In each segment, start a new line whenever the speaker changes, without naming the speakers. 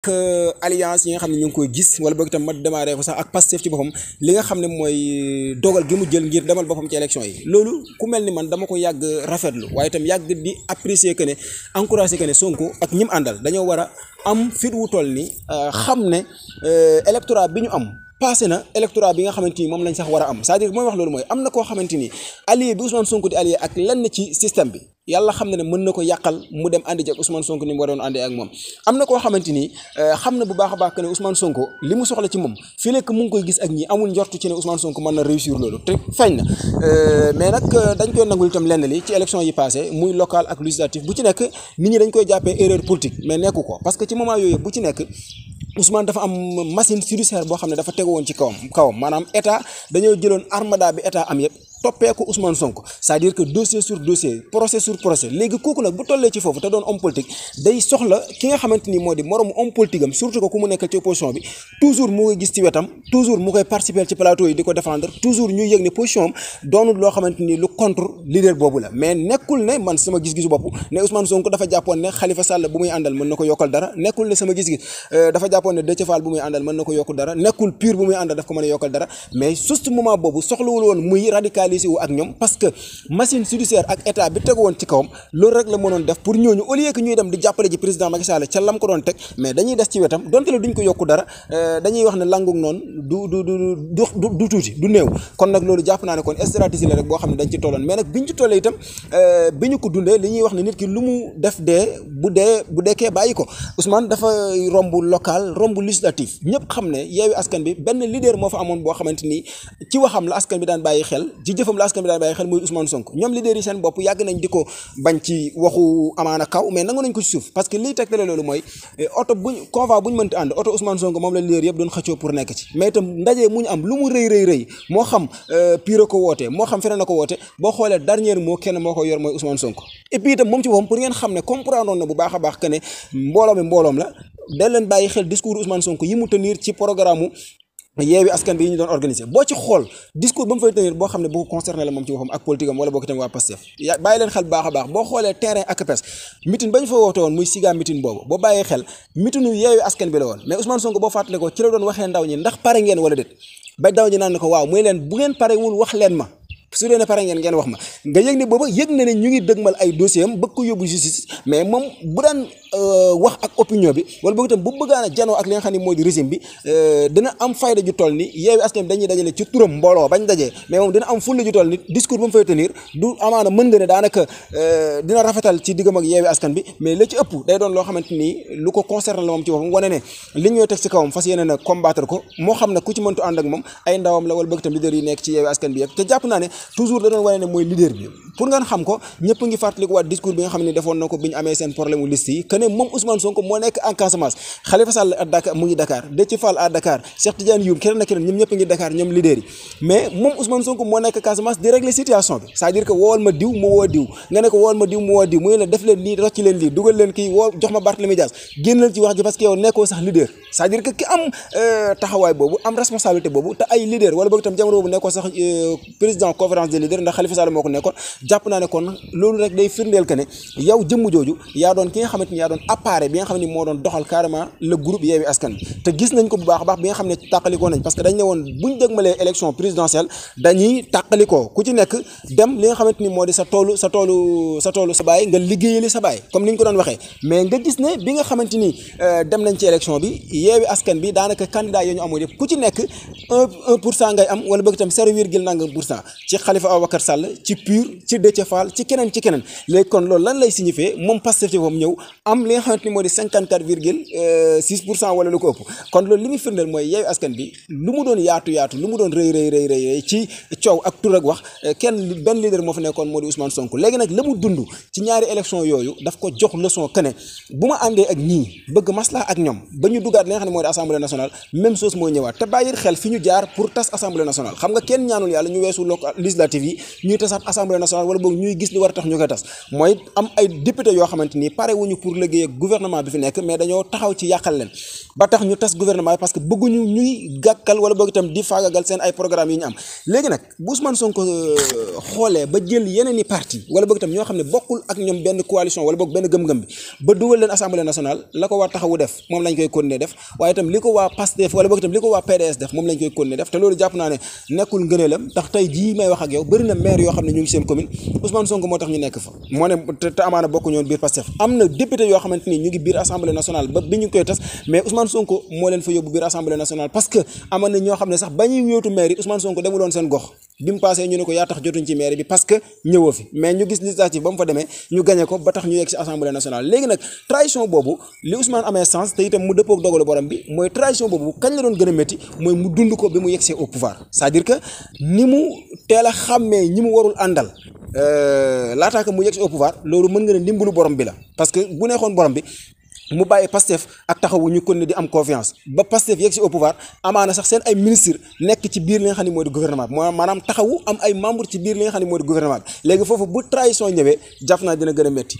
ak euh, alliance yi nga xam ne ñu ngi koy gis wala boo itam ma démarré ko sax ak Pastef ci boppam li nga xam ne mooy euh, dogal gi mu jël ngir demal boppam ci élection yi loolu ku mel ni man dama ko yàgg rafetlu waaye itam yàgg di apprécier que ne encouragé que ne Sonko ak ñim àndal dañoo war a am fit wu toll ni euh, xam ne électorat bi ñu am passé na électorat bi nga xamante ni moom lañ sax war a am c'est-à-dire mooy wax loolu mooy am na koo xamante ni allié bi Ousmane Sonko di allié ak lenn ci système bi yàlla xam na ne mën na ko yàqal mu dem àndi ak Ousmane Sonko ni mu waroon àndee ak moom am na koo xamante ni euh, xam na bu baax a baax que ne Ousmane Sonko li mu soxla ci moom fii lekk mu ngi koy gis ak ñi amul njortu ci ne Ousmane Sonko mën na réussir loolu te feeñ na euh, mais nag euh, dañ koy nangul itam lenn yi passé muy local ak législatif bu ci nekk nit ñi dañ koy jàppee erreur politique mais nekku ko parce que ci moment yooyu bu ci nekk Ousmane dafa am machine judiciaire boo xam ne dafa tegu woon ci kawam kawam maanaam état dañoo jëloon armada bi état am yëpp topé ko Ousmane Sonko c'est-à-dire que dossier sur dossier procès sur procès légui koku nag bu tollé ci fofu te doon homme politique day soxla ki nga xamanteni ni morom homme politique am surtout que kumu nek ci opposition bi toujours mu ngi gis ci wétam toujours mu ngi participer ci plateau yi diko défendre toujours ñuy yëg ne position am doonul loo xamante lu contre leader bobu la mais nekul né man sama gis-gisu bopp né Ousmane Sonko dafa jàppoon né Khalifa Sall bu muy andal mën nako yokal dara nekul ne sama gis-gis euh, dafa jàppoon né Déthié Fall bu muy andal mën nako yokku dara nekul pur bu muy andal daf ko mën a dara mais juste moment soxla wul won muy radical coaliser wu ak ñoom parce que machine judiciaire ak état bi tegu woon ci kawam loolu rek la mënoon def pour ñooñu au ñuy dem di jàppale ji président Macky Sall ca ko doon teg mais dañuy des ci wetam donte la duñ ko yokku dara euh, dañuy wax ne langug noonu du du du tuuti du néew kon nag loolu jàpp naa ne kon stratégie la rek boo xam ne dañ ci tolloon mais nag biñ ci tollee itam euh, bi ñu ko dundee li ñuy wax ne nit ki lu mu def dee bu dee bu dekkee bàyyi ñëpp xam ne yeewi askan bi benn leader moo amoon boo xamante ni ci waxam la askan daan bàyyi xel jëfam la bi daan bàyyi xel muy Ousmane Sonko ñoom leader seen bopp yàgg nañ di ko bañ ci waxu amaana kaw mais nangu nañ ko suuf parce que liy tegtale loolu mooy eh, oto buñ convoi buñ mënti ànd oto Ousmane Sonko moom la leader yëpp doon xëccoo pour nekk ci mais itam moom ci boppam pour ngeen xam ne comprendre bu baax a ne mbooloo mbooloom la da leen bàyyi xel discours Ousmane Sonko yi mu tenir ci programme yeewi askan bi ñu doon organiser boo ci xool discours ba mu fay tenir boo xam bu ko la moom ci waxam ak politique wala boo ko tamit Pastef yaa leen xel baax a baax boo xoolee terrain ak APES mitin ba ñu fa woote woon muy siga mitin boobu boo bàyyee xel mitinu yeewi askan bi la woon mais Ousmane Sonko boo fàttalikoo ci la doon waxee ndaw ñi ndax pare ngeen wala déet ba ndaw ñi naan ko waaw muy leen bu ngeen parewul wax leen ma su dee ne pare ngeen ngeen wax ma nga yëg ne booba yëg na ne ñu ngi dëgmal ay dossier am bëgg ko yóbbu justice mais moom bu daan euh, wax ak opinion bi wala boog itam bu bëggaan a janoo ak li nga xam moo di régime bi euh, dina am fayda ju toll ni yeewi askan dañuy dajale ci turam mbooloo bañ dajee mais moom dina am fulla ju toll ni discours ba mu fay tenir du amaana bi euh, mais la ci ëpp day doon loo xamante ni lu ko concerne la moom ci boppam wane ne li ñooy teg si kawam fas yéene na combattre ko moo xam ne ku ci mëntu ànd ak moom ay ndawam la wala boog itam leader yi nekk ci askan bi te jàpp naa toujours dañu wone wane ne leader bi pour ngeen xam ko ñepp ngi fàttaliku waat discours bi nga xamni defon nako na amé sen problème liste yi kené mom Ousmane Sonko mo nek en Casamance Khalifa Sall à Dakar mu ngi Dakar Déthié Fall à Dakar Cheikh Tidiane Youm keneen ak ñom ñepp ngi Dakar ñom leader yi mais mom Ousmane Sonko mo nek Casamance di régler situation bi c'est-à-dire que woowal ma diw mo wo diw nga ne ko woowal ma diw mo wo diw muy la def leen li rocc leen li duggal leen ki woo jox ma Barthélémy Dias génnal ci wax ji parce que yow nekkoo sax leader c'est-à-dire que ki am euh, taxaway bobu am responsabilité bobu ta ay leader wala bëgg tam jamono bu nekkoo sax euh, président ko conférence des leaders ndax Khalifa Sall moko nekkon jàpp na ne kon lolu rek day firndel que ne yow jëm joju ya don ki nga xamanteni ya don apparé bi nga xamanteni mo don doxal carrément le groupe yewi Askan te gis nañ ko bu baax baax bi nga xamne takaliko nañ parce que dañ newon buñ deugmalé élection présidentielle dañuy takaliko ku ci nekk dem li nga xamanteni modi sa tolu sa tolu sa tolu sa baay nga liggéeyeli sa baay comme niñ ko don waxé mais nga gis ne bi nga xamanteni dem nañ ci élection bi yewi Askan bi danaka candidat yoñu amul amoon yëpp ku ci nekk 1% ngay am wala bëgg tam zéro ci Khalifa Ababacar Sall ci PUR ci Déthié Fall ci kenen ci kenen léegi kon lool lan lay signifié mom Pastef ci boppam ñëw am li nga modi ni virgule euh, six wala lu ko upp kon lool limi muy moy mooy askan bi lu mu doon yaatu yaatu lu mu doon reey reey reey reey ci ciow ak tur ak wax euh, ken ben leader mo fa nekkon modi Ousmane Sonko légui nak lamu mu dund ci ñaari élection yoyu daf ko jox leçon que ne bu ma ak ñi bëgg maslaa ak ñom bañu ñu li nga modi assemblée nationale même chose mooy ñëwaat te bàyyi xel fi ñu jaar pour tas assemblée nationale xam nga kenn ñaanul yalla ñu weesu législatives yi ñuy tasaat assemblée nationale wala boog ñuy gis li war a tax ñu koy tas mooy am ay député yoo xamante ni pare wuñu pour liggéey ak gouvernement bi fi nekk mais dañoo taxaw ci yàqal leen ba tax ñu tas gouvernement bi parce que bëgguñu ñuy gàkkal wala boog itam di faagagal seen ay programme yi ñu am léegi nag bu Ousmane Sonko xoolee ba jël yeneen i parti wala boog itam ñoo xam ne bokkul ak ñoom benn coalition wala boog benn gëm-gëm bi ba dugal leen assemblée nationale la ko waa taxawu def moom lañ koy continuer def waaye itam li ko waa Pastef wala boog itam li ko waa PDS def moom lañ koy continuer def te loolu jàpp naa ne nekkul ngëneelam tax tey jii may wax ak yow bëri na maire yoo xam ne ñu ngi seen commune Ousmane Sonko moo tax ñu nekk fa moo ne te amaana bokku ñoon biir Pastef am na député yoo xamante ñu ngi biir assemblée nationale ba bi ñu koy tas mais Ousmane Sonko moo leen fa yóbbu biir assemblée nationale parce que ñoo xam ne sax ba ñuy yóotu maire Sonko demuloon seen gox bi mu paasee ñu ne ko yaa tax jotuñ ci maire bi parce que ñëwoo fi mais ñu gis législative ba mu fa demee ñu gagné ko ba tax ñu yegg si assemblée nationale léegi nag trahison boobu li Ousmane amee sens te itam mu dëppoog dogalu borom bi mooy trahison boobu kañ la doon gën a métti mooy mu dund ko bi mu yegg see au pouvoir cest dire que ni mu teel a xàmmee ñi mu warul àndal euh, laataaka mu yegg si au pouvoir loolu mën nga ne ndimbalu borom bi la parce que bu neexoon borom bi mu baye Pastef ak taxawu ñu kon ne di am confiance ba Pastef yegg ci au pouvoir amana sax seen ay ministre nek ci biir li nga xam ne moo gouvernement manam taxawu am ay membre ci biir li nga xam ne moo gouvernement legi fofu bu trahison ñewé jafna dina gëna metti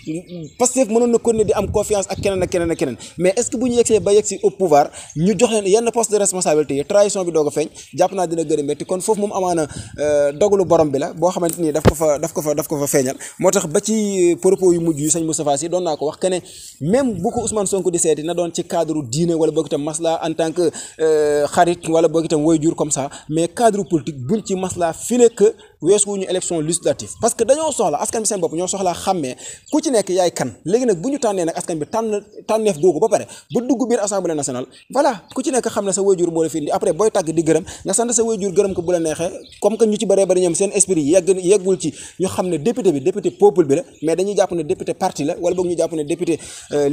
Pastef mënon na kon di am confiance ak keneen ak keneen ak keneen mais est ce que bu ñu yegsee ba yegg ci au pouvoir ñu jox yenn poste de responsabilité trahison bi doog feñ jafna dina gëna metti kon fofu moom amana euh, dogalu borom bi la bo xamanteni daf ko fa daf ko fa daf ko fa feñal motax ba ci euh, propos yu mujj yu sëñ Moustapha Sy don na ko wax que ne même bu ko Ousmane Ousmane Sonko na doon ci cadre diine wala boog itam masla en tant que euh, xarit wala boog itam woy jur comme ça mais cadre politique buñ ci masla file que weesuwuñu élection législative parce que dañoo soxla askan bi seen bopp ñoo soxlaa xàmmee ku ci nekk yaay kan léegi nag bu ñu tànnee nag askan bi tànn tànneef googu ba pare bu dugg biir assemblée nationale ku ci nekk xam ne sa wayjur moo la fi indi après booy tàgg di gërëm nga sant sa wayjur gërëm ko bu la neexee comme que ñu ci bëree bi député euh,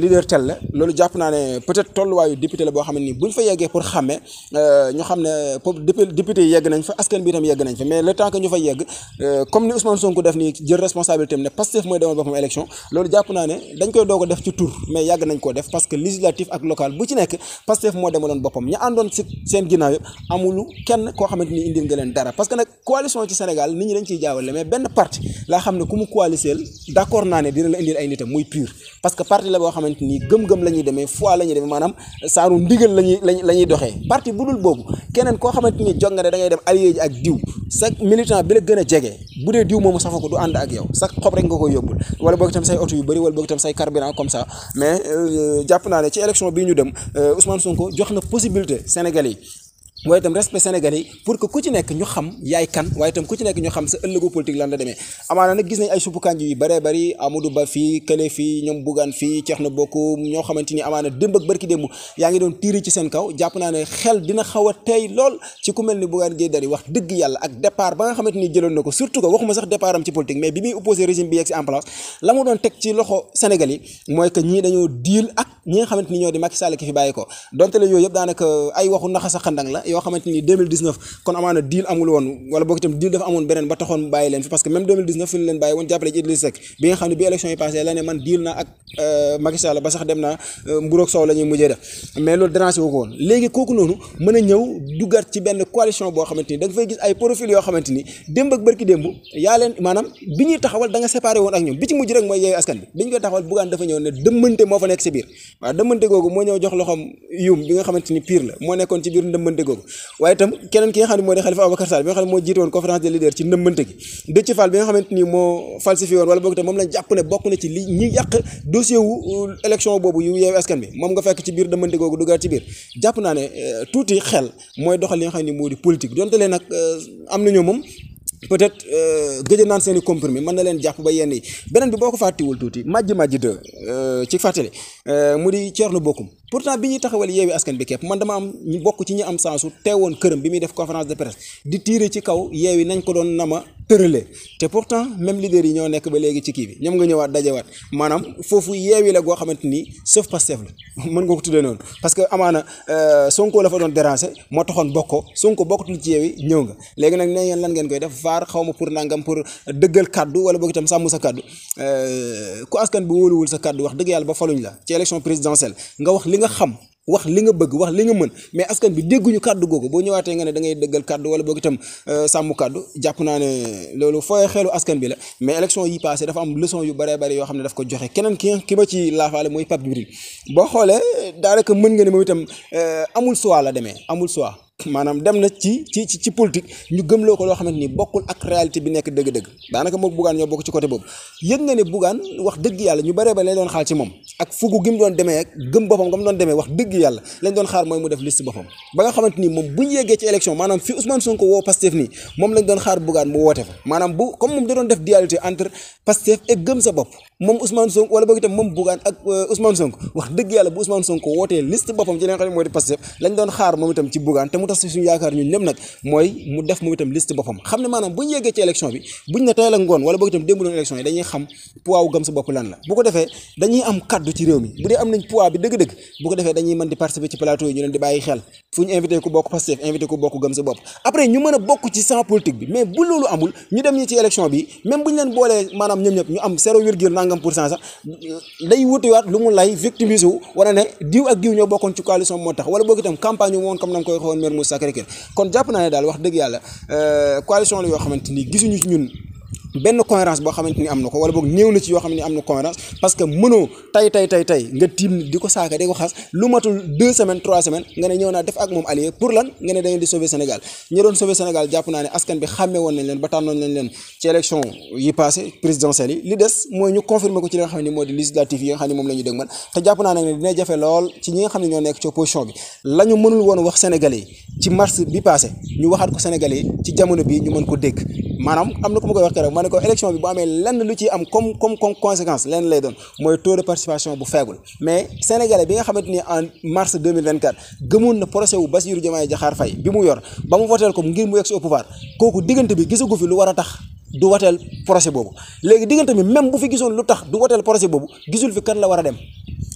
loolu jàpp naa ne peut-être tolluwaayu député la boo xam ne nii bu ñu fa yeggee pour xàmmee euh, ñu xam ne député yegg nañ fa askan bi itam yegg nañ fa mais le temps ñu fa yegg Euh, comme ni Ousmane Sonko def ni jël responsabilité am ne Pastef mooy demal bopam élection lolu jàpp naa ne dañ koy dogo def ci tour mais yag nañ ko def parce que législatif ak local bu ci nekk Pastef moo demaloon boppam ña àndoon si seen ginnaaw amulu kenn ko xamanteni indi indil nga leen dara parce que nak coalition ci Sénégal nit ñi dañ ci jaawale mais ben parti la xamné kumu ku d'accord na né dina la indi ay nitam muy pur parce que parti la bo xamanteni ni gëm-gëm la ñuy demee foi la ñuy demee saaru ndigal lañuy lañuy doxé parti budul dul boobu keneen koo xamante ni nga ne da ngay dem allié ji ak diw sa militant bi la gën a jege bu dee diw moomu safa ko du ànd ak yow sax xob rek nga koy yóbbul wala boo itam say oto yu bëri wala boog itam say carburant comme ça mais euh, jàpp naa ne ci élection bi ñu dem euh, Ousmane Sonko jox na possibilité Sénégal yi mooy itam respect sénégalais yi pour que ku ci nekk ñu xam yaay kan waaye itam ku ci nekk ñu xam sa ëllëgu politique lan la demee amaana nag gis nañ ay suppukanj yu bëree bëri Amadou Ba fii Kële fii ñoom Bougane fii Thierno Bokk ñoo xamante ni amaana démb ak barki démb yaa ngi doon tiiri ci seen kaw jàpp naa ne xel dina xaw a lool ci ku mel ni Bougane Gueye wax dëgg yàlla ak départ ba nga xamante ni jëloon na ko surtout que waxuma sax départ doon teg ci loxo ñi nga xamante ni ñoo di Macky Sall ki fi bàyyi ko donte la yooyu yëpp daanaka uh, ay waxu naxa sa xandang la yoo xamante ni 2019 kon amaana deal amul woon wala boog itam deal dafa amoon beneen ba taxoon mu bàyyi leen fi parce que même 2019 fi ñu leen bàyyi woon jàppale ci Idrissa Seck bi nga xam ne bi élection yi passé la ne man deal naa ak uh, Macky Sall ba sax dem naa uh, mburoog soow la ñuy mujjee def mais loolu dérangé wu ko woon léegi kooku noonu mën a ñëw duggaat ci benn coalition boo xamante ni da nga fay gis ay profil yoo xamante ni démb ak bërki démb yaa leen maanaam bi ñuy taxawal da nga séparé woon ak ñoom bi ci mujj rek mooy yeeyu askan bi bi ñu koy taxawal buggaan dafa ñëw ne dëmmante moo fa nekk si biir waa dëmbante googu moo ñëw jox loxoom yuum bi nga xamante ni pire la moo nekkoon ci biir ndëmbante googu waaye itam keneen ki nga xam ne moo di Xalifa Ababacar Sall bi nga xam ne moo jiite woon conférence des leaders ci ndëmbante gi Déthié Fall bi nga xamante ni moo falsifié woon wala boog itam moom lañ jàpp ne bokk na ci li ñi yàq dossier wu euh, élection boobu yu yeewu askan bi moom nga fekk ci biir ndëmbante googu dugaat ci biir jàpp naa ne euh, tuuti xel mooy doxal li nga xam moo di politique donte lee nag euh, am na ñoo moom peut-être euh, gëj naan seen i comprimé mën na leen jàpp ba yenn yi beneen bi boo ko fàttiwul tuuti màjj màjj de euh, ci fàttali euh, mu di Thierno Bocoum pourtant bi ñuy taxawal yeewi askan bi képp man dama am ñu bokk ci ñi am sensu woon këram bi muy def conférence de presse di tiire ci kaw yeewi nañ ko doon nama tëralee te pourtant même leader yi ñoo nekk ba léegi ci kii bi ñoom nga ñëwaat dajewaat maanaam foofu yeewi la goo xamante ni sauf Pastef la mën nga ko tuddee noonu parce que amaana euh, Sonko la fa doon dérancé moo taxoon bokkoo Sonko bokkatul ci yeewi ñëw nga léegi nag nee ngeen lan ngeen koy def vaar xaw ma pour nangam pour dëggal kaddu wala boog itam sàmm sa kaddu euh, ku askan bi wóoluwul sa kaddu wax dëgg yàlla ba faluñ la ci élection présidentielle nga wax li nga xam. wax li nga bëgg wax li nga mën mais askan bi dégguñu kàddu googu boo ñëwaatee nga ne da ngay dëggal kàddu wala boog itam euh, sàmm kàddu jàpp naa ne loolu fooy xelu askan bi la mais élection yi passé dafa am leçon yu bëree bëri yoo xam ne daf ko joxe keneen ki ki ma ci laafaale mooy Pape Djibril boo xoolee daanaka mën nga ne moom itam euh, amul choix la demee amul choix maanaam dem na ci ci ci politique ñu gëmloo ko loo xamante ni bokkul ak réalité bi nekk dëgg-dëgg daanaka moom Bougane ñoo bokk ci côté boobu yëg nga ne Bougane wax dëgg yàlla ñu bare ba lañ doon xaar ci moom ak yàlla lañ doon xaar mooy mu def liste boppam ba nga xamante ni moom buñ yeggee ci élection maanaam fi Ousmane Sonko woo Pastef nii moom lañ doon xaar Bougane mu woote fa maanaam bu comme moom da doon def dualité entre Pastef et gëm sa bopp moom euh, Ousmane Sonko wax dëgg yàlla bu Ousmane Sonko wootee liste boppam ci li xam ne di Pastef lañ doon xaar moom itam ci Bougane te mu tax si yaakaar ñun ñëpp nag mooy mu def moom itam liste boppam xam ne maanaam buñu yeggee ci élection bi bu dee am nañ poids bi dëgg-dëgg bu defee dañuy mën di participer ci plateau yi ñu leen di bàyyi xel fu ñu invité ku bokk Pastef invité ku bokk gëm bopp après ñu mën a bokk ci champ politique bi mais bu nangam pour cent sax day wutiwaat lu mu lay victimise wu wala ne diw ak diw ñoo bokkoon ci coalition moo tax wala boog itam campagne yu woon comme na koy waxoon maire Moussa Sacré-Cœur kon jàpp naa ne daal wax dëgg yàlla euh, coalition la yoo xamante ni gisuñu ci ñun benn cohérence boo xamante ni am na ko wala boog néew na ci yoo xam ne am na cohérence parce que mënoo tay tay tay nga tiim di ko saaka di ko xas lu matul deux semaines trois semaines nga ne ñëw naa def ak moom allié pour lan nga ne da ngeen askan bi xàmmee woon nañ leen ba tànnoon nañ des mooy ñu confirmer ko ci li nga xam ne moo di moom la ñu dëg man te jàpp naa nag ne dina jafe lool ci ñi nga xam ne ñoo nekk ci opposition bi la ñu mënul woon wax Sénégalais yi ci mars bi passé ñu waxaat ko Sénégalais yi ci jamono bii ñu mën ko dégg manam amna na ku koy wax keroog maniko election bi bu amé lenn lu ci am comme comme comme conséquence lenn lay don moy taux de participation bu faible mais sénégalais bi nga xamanteni en mars 2024 gëmoon na procès wu Bassirou Diomaye Diakhar fay bi mu yor ba mu voteel ko ngir mu yex au pouvoir koku digënté bi gisagu fi lu wara tax du wateel procès bobu légui diggante bi même bu fi gisoon lu tax du wateel procès bobu gisul fi kan la wara dem